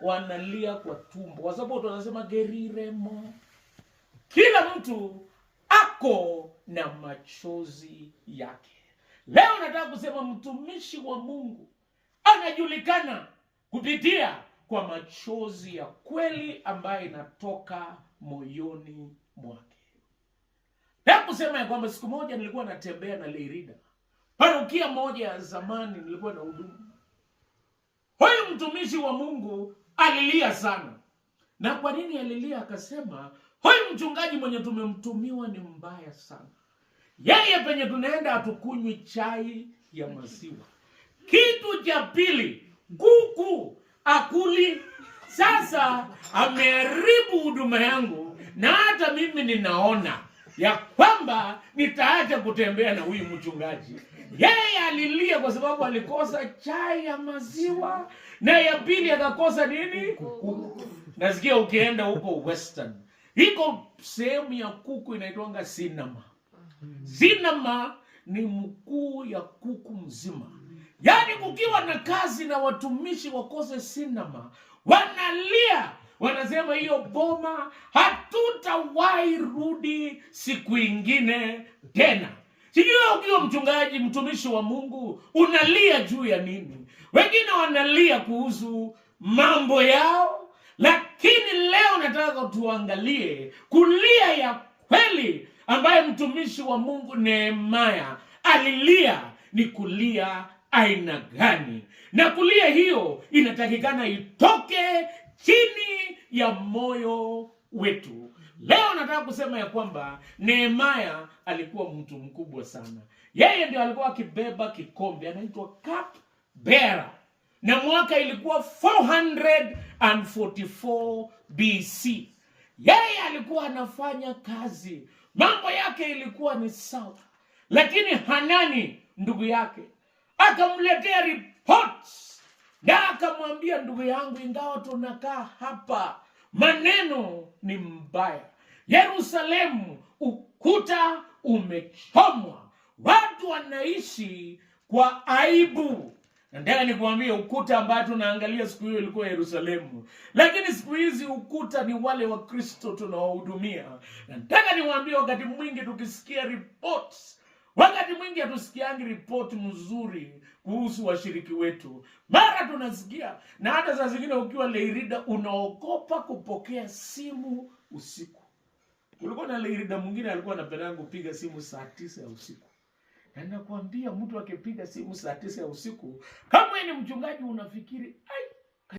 wanalia kwa tumbo, kwa sababu watu wanasema geriremo. Kila mtu ako na machozi yake. Leo nataka kusema mtumishi wa Mungu anajulikana kupitia kwa machozi ya kweli ambayo inatoka moyoni mwake. taka kusema ya kwamba siku moja nilikuwa natembea na Leirida, parokia moja ya zamani nilikuwa na huduma Huyu mtumishi wa Mungu alilia sana. Na kwa nini alilia? Akasema huyu mchungaji mwenye tumemtumiwa ni mbaya sana, yeye penye tunaenda hatukunywi chai ya maziwa. Kitu cha pili, kuku akuli. Sasa ameharibu huduma yangu, na hata mimi ninaona ya kwamba nitaacha kutembea na huyu mchungaji. Yeye alilia kwa sababu alikosa chai ya maziwa, na ya pili akakosa nini? Nasikia ukienda huko Western iko sehemu ya kuku inaitwanga sinema. Sinema ni mkuu ya kuku mzima, yaani kukiwa na kazi na watumishi wakose sinema, wanalia wanasema hiyo boma hatutawahi rudi siku ingine tena. Sijui ukiwa mchungaji, mtumishi wa Mungu, unalia juu ya nini? Wengine wanalia kuhusu mambo yao, lakini leo nataka tuangalie kulia ya kweli ambaye mtumishi wa Mungu Nehemia alilia ni kulia aina gani, na kulia hiyo inatakikana itoke chini ya moyo wetu. Leo nataka kusema ya kwamba Nehemia alikuwa mtu mkubwa sana. Yeye ndio alikuwa akibeba kikombe, anaitwa cup bearer, na mwaka ilikuwa 444 BC. Yeye alikuwa anafanya kazi, mambo yake ilikuwa ni sawa, lakini Hanani ndugu yake akamletea reports na akamwambia, ndugu yangu, ingawa tunakaa hapa, maneno ni mbaya. Yerusalemu ukuta umechomwa, watu wanaishi kwa aibu. Nataka nikuambia ukuta ambayo tunaangalia siku hiyo ilikuwa Yerusalemu, lakini siku hizi ukuta ni wale wa Kristo tunaohudumia. Nataka niwaambie, wakati mwingi tukisikia reports Wakati mwingi hatusikiangi ripoti mzuri kuhusu washiriki wetu, mara tunasikia na hata saa zingine ukiwa Leirida unaogopa kupokea simu usiku. Kulikuwa na Leirida mwingine alikuwa anapenda kupiga simu saa tisa ya usiku, na nakwambia mtu akipiga simu saa tisa ya usiku, kama ni mchungaji, unafikiri ai